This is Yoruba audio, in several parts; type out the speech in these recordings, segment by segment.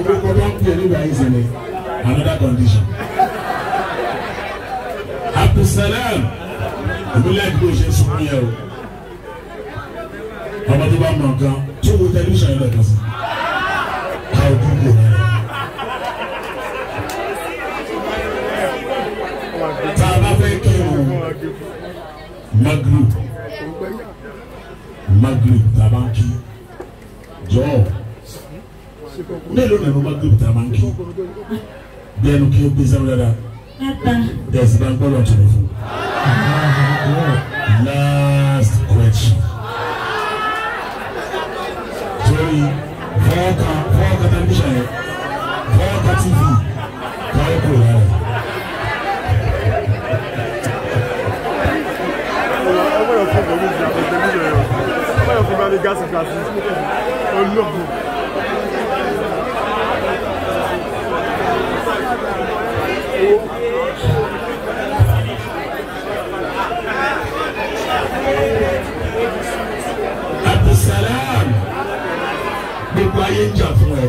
gbogbo kọjá kú oníbà yìí sì ni another condition. Abdulsalam ìbílẹ̀ ìdúró ṣe sunkún yẹ o ọmọ tó bá mọ̀ nǹkan tó wo tẹlifíṣàn yẹn lẹ́ẹ̀kan sí ká o kú kò rẹ̀. tá a bá fẹ́ kí o maglu maglu tá a bá ń kí jọ́ọ̀ mélòó nà ló bá gbé bùtà máa ń kí bí ẹnu kí ó gbé sẹ́wọ́n dáadáa dẹ̀sí bá ń gbọ́ lọ́tún ní fún. last question. torí fọ́ọ̀kà fọ́ọ̀kà tẹlifíṣàn yẹn fọ́ọ̀kà tv káwé kò Abdulsalam gbogbo ayé ń jà fún ẹ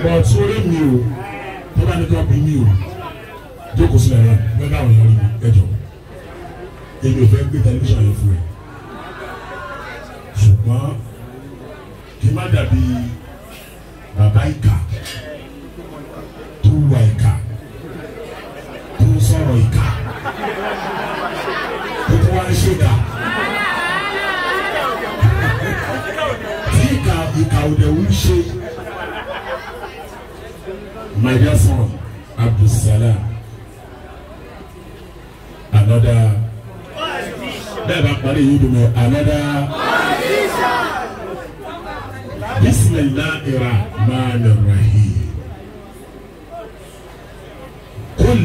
bọ̀ sórí mi o tó bá ní ká bí mi o jókòó sílẹ̀ rẹ bẹ́ẹ̀ náà yọrí mi ẹjọ́ èmi ò fẹ́ gbé tẹlifíṣàn yẹn fún bàbá ìkà. àwùdẹ̀wù ṣe my dear son Abdulsalam another bẹ́ẹ̀ bá parí yìí dùn mọ́ rahim kul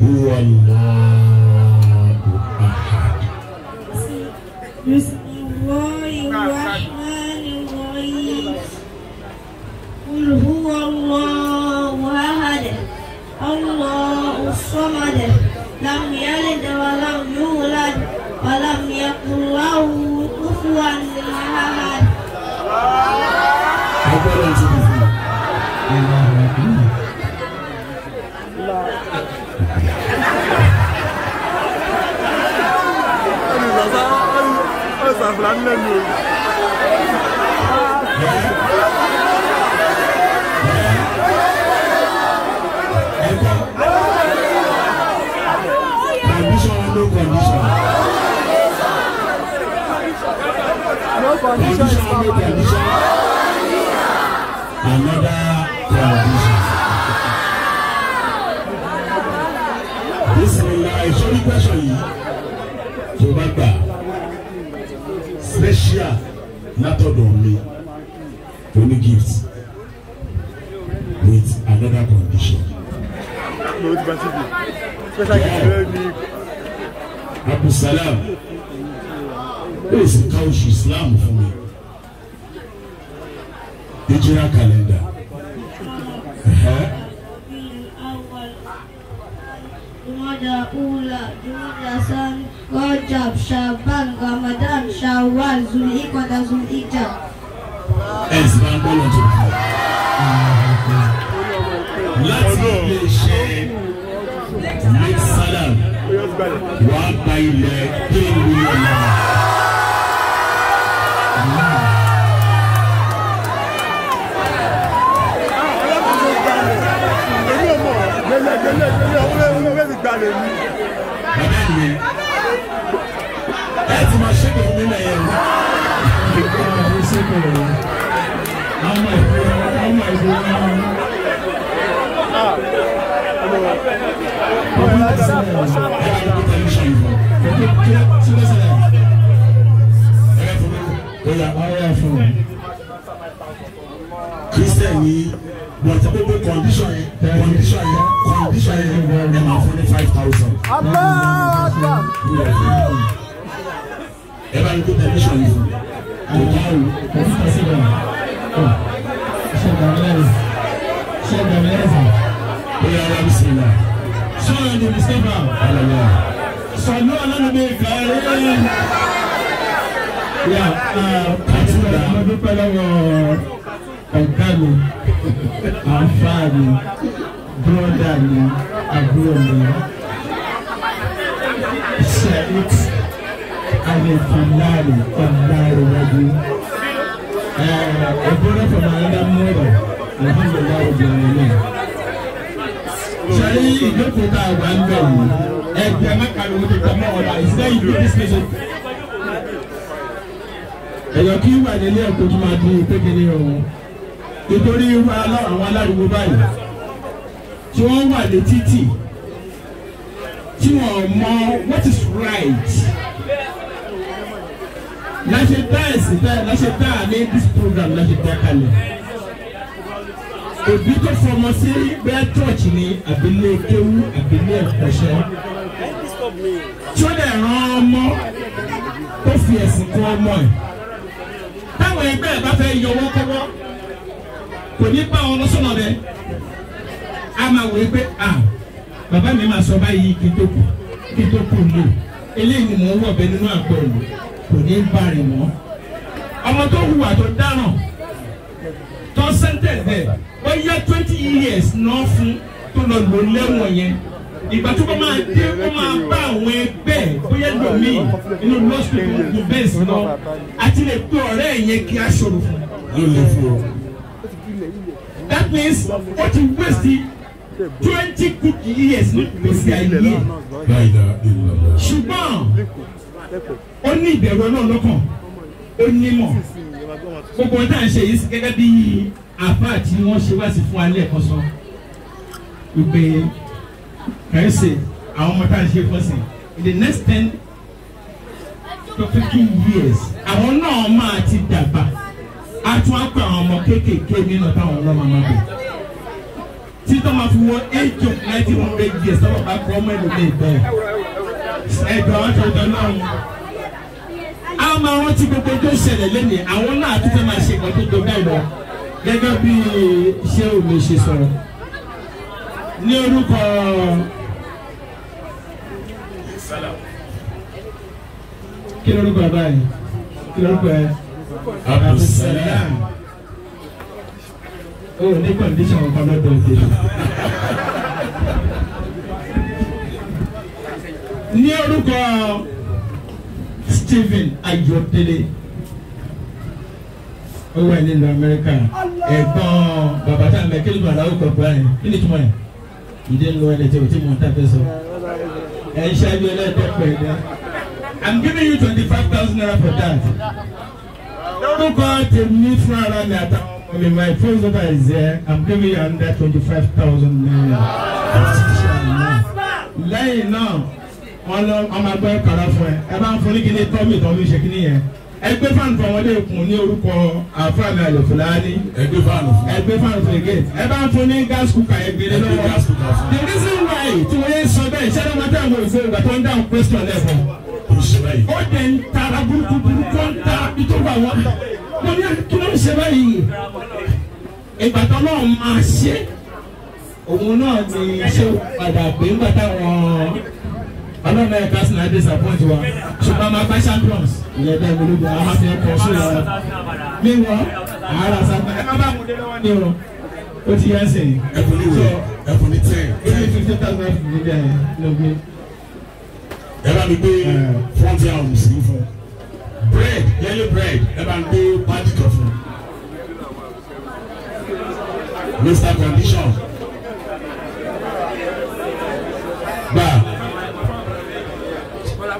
huwa allahu ahad. الصمد لم يلد ولم يولد ولم يكن له كفوا احد I'm not condition is Another condition. Bisimilá ìṣòrí pẹ́sọ̀ yìí tó bá gbà special látọ̀dọ̀ mi oní gift with another condition. Abdulsalam ó sì ka oṣù Islam fún mi ìjìrá kàlẹ́ndà jumada ula jumada san rajab shaban ramadan shawwal zulhikada zulhijja. ẹ sì máa ń gbọ́dọ̀ tó kù láti lè ṣe mixed salad wàá gba ilẹ̀ kéwìlì ọ̀la. Ah, my shit for me, man. I'm sick of it. I'm like, I'm like, I'm like, I'm like, I'm like, Oya ọ̀rẹ́ fún un. Christian ni bọ̀dé gbogbo condition yẹn condition yẹn condition yẹn ẹ máa fún ní five thousand. Ẹ bá yín kó permission yìí fún un. Kò dáhùn. Oya ọ̀rẹ́ mi sèlè. Sọ̀rọ̀ ni mi sèlè. Sọ̀rọ̀ ni ọ̀lànà mi kàrí mo dúpẹ́ lọ́wọ́ ọ̀gá mi àǹfà mi bírọ́dà mi àbúrò mi ṣẹ́yìt alẹ́fàlárì ọ̀gbáàrì wájú. Ẹ̀bùrọ̀ fún mi ayọ́dá mọ́rọ̀ alhamdulilayi obìnrin náà. Ṣẹ́yìn ìjókòó tá a wà ń bẹ̀ yìí ẹgbẹ́ mẹ́kàlùmọ́ tó tẹ̀ mọ́ ọ̀la ìṣẹ́yìn tó ti ṣe ṣe ẹ̀yọ́ kí wà nílé ẹ̀kọ́ tó máa di pékeré ọ̀hún nítorí àwọn alárùgbó báyìí tí wọ́n wà ní títì tí wọ́n mọ what is right láṣẹ dá ẹ̀sìn dá láṣẹ dá ní this program láṣẹ dá kalẹ̀ òbí tó fọmọ sí bẹ́ẹ̀ church ni àbílẹ̀ kéwú àbílẹ̀ ẹ̀kọ́ṣẹ́ tí ó dẹ̀ ràn ọmọ tó fi ẹ̀sìn kọ́ ọmọ ẹ̀ táwọn ẹgbẹ́ ẹ̀ bá fẹ́ yọwọ́ kọ́wọ́ kò ní bá ọ lọ́sọ̀nà rẹ a máa wòye pé a bàbá mi máa sọ báyìí kí tó lò eléyìí mò ń wọ̀ bẹ nínú àgbọ̀ òòlù kò ní bá rìn mọ́ ọmọ tó hùwà tó dáràn tó sẹ́ńtẹ̀ bẹ́ẹ̀ ó yẹ twenty years náà fún tó lọ lò lẹ́wọ̀n yẹn ìgbà tó bá máa dé ó máa bá àwọn mi inú lọ́sùn ìlú bẹ́ẹ̀ sí lọ àti lè pe ọ̀rẹ́ yẹn kí a ṣòro fún un. that means ó ti waste twenty good years ní gbèsè ayé ṣùgbọ́n ó ní ìbẹ̀rù ọlọ́run lọ́kàn ó nímọ̀ gbogbo ohun tá à ń ṣe yìí gẹ́gẹ́ bí àfáà tí wọ́n ṣe wá sí fún alẹ́ ẹ̀kọ́ sọ wípé kàí ṣe àwọn ọmọ tá à ń ṣe fọ́sìn in the next ten to fifteen years àwọn náà máa ti dàgbà a tún á pa àwọn ọmọ kéékèèké nínú táwọn ọlọ́mọ máa bẹ̀ tí tó máa fi wọ age of nineteen hundred years táwọn bá kọ́ ọmọ ẹlòmíì bẹ́ẹ̀ ẹ̀dọ̀ àwọn tó dán náà a máa rántí gbogbo tó ṣẹlẹ̀ lẹ́nìí àwọn náà tó fẹ́ máa ṣe nǹkan tó tó bẹ́ẹ̀ lọ gẹ́gẹ́ bí ṣé omi ṣe sọ̀rọ̀ ní orúkọ. kí ló rúkọ ẹ báyìí kí ló rúkọ ẹ Abdulsalam o ní kọ́ndíṣàn ọ̀kan lọ́dọ̀ òde. ní orúkọ Stephen Ayọ̀délé ó wà nílùú Amẹ́ríkà ẹ̀gbọ́n bàbá tá a mẹ́ kí ló bàbá ó kọ̀ báyìí kí ni túmọ̀ yẹn ìdí ń lo ẹni tí o ti mọ̀ tá a sọ ẹ̀ ń ṣáájú ẹlẹ́dẹ́gbẹ̀ẹ́ náà. I'm giving you twenty-five thousand naira for that. Lórúkọ tèmi fún ara mi àtàwọn ọmọ mi, my first daughter is there, I'm giving you under twenty-five thousand naira. Lẹ́yìn náà, wọ́n lọ ọmọ ẹgbẹ́ kàrà fún ẹ, ẹ bá ń fún ní kíní tọ́mì tọ́mì ṣe kíní yẹn. Ẹgbẹ́ fáànù fún ọmọdé kùn ní orúkọ àfáàmì àlòfúláàní. Ẹgbẹ́ fáànù fún. Ẹgbẹ́ fáànù fún ẹgẹ́. Ẹ bá ń fún ní gas cooker ẹgbẹ́ lọ́wọ́. Ẹgbẹ́ gas cooker fún. The reason why tí wọ́n yẹ sọ bẹ́ẹ̀ ṣẹ́ni ọmọdé àwọn òṣèlú gbàtọ́ ń dáhùn question lẹ́fọ̀ọ́. bà wọ́n bà wọ́n ní kí ló ń ṣe báyìí ìgbà tó náà máa ṣe òun náà ni ṣé padà pé ńgbà táwọn ọlọ́run ẹ̀ka sì náà disappoint wa ṣùgbọ́n máa bá champions ìyẹn bẹ́ẹ̀ mi lóbi àwọn afi ẹ̀kọ́ sóyà wa mi wọ àárọ̀ sábà ẹ̀ má bá mú délé wọn ni o ó ti yá sẹ́yìn. ẹ̀fọn ní wẹ̀ ẹ̀fọn ní tẹ̀. ó ní fifty thousand naira ló gbé. ẹ bá mi gbé frontier ọ̀hún sí fún un bread yellow bread ẹ bá ń gbé pàdé mr condition gbà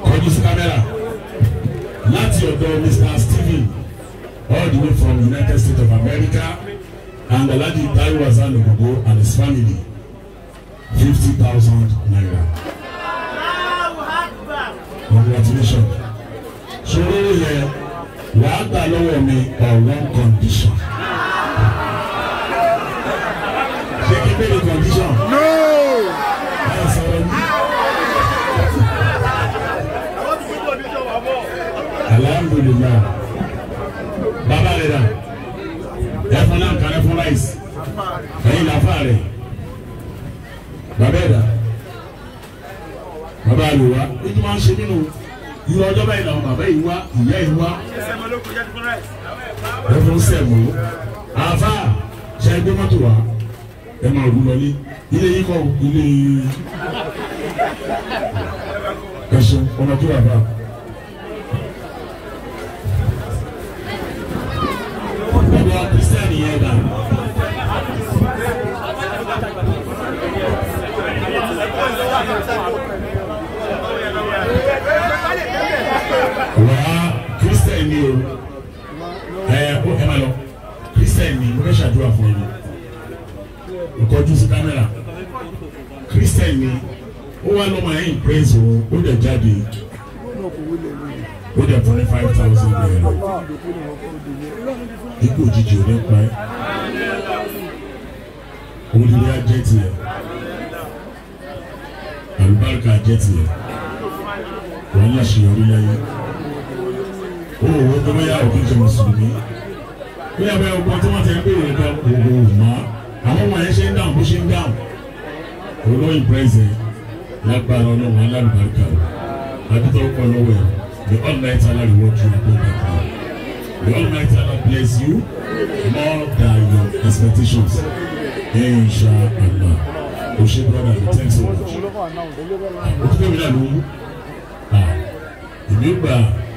kọjú sí kámẹ́rà láti ọ̀dọ̀ mr stephen all the way from united states of america and alhaji taiwo hasan ogogo and his family fifty thousand naira congratulations owó yẹn wàá gbà lọ́wọ́ mi on one condition. ṣé kí pé ní condition. no. ẹ sọ̀rọ̀ mi. alhamdulilayi baba rẹ dà ẹ fún náà kàrẹ fún láìsí ẹyin làáfà rẹ baba rẹ dà baba rẹ wá ojú máa ṣe nínú irú ọjọ́ báyìí làwọn bàbá yìí wá ìyá yìí wá ẹ̀fọn sẹ̀mú àfà ṣe ẹgbẹ́ mọ́tò wá ẹ máa rú lọ ní ilé yìí kọ́ ilé ẹ̀sùn ọmọ tó wà bá. Gbogbo akírísítẹ́nì yẹn dà. Thank you wàá kristian ni o ẹ kó ẹ má lọ kristian ni mo fẹ́ ṣàdúrà fún ẹ ní ìkọjú sí kámẹ́rà kristian ni ó wá lọ́mọ ẹ̀yìn praise o ó dẹ̀ jáde ó dẹ̀ fún five thousand naira ikú òjijì ò ní pa ẹ́ olùdíyà jẹ́ tiẹ̀ àlùbáríkà jẹ́ tiẹ̀ wọ́n ń láṣeyọrí láyé ó wò ó pé bóyá jẹ mùsùlùmí bóyá bóyá ọgbọ́n tí wọ́n ti ń béèrè nípa òwò mọ́ àwọn ọmọ yẹn ṣe ń dáhùn bó ṣe ń dáhùn olóyìn pẹ́ẹ́sẹ̀ lágbára ọlọ́run alábàárikà àdúgbò ọkọ̀ lọ́wọ́ ẹ̀ the almighty Allah reward you above that now the almighty Allah bless you more than your expectations inshallah o ṣe brother thanks so much o tún bẹ̀rẹ̀ lóyún. Libra.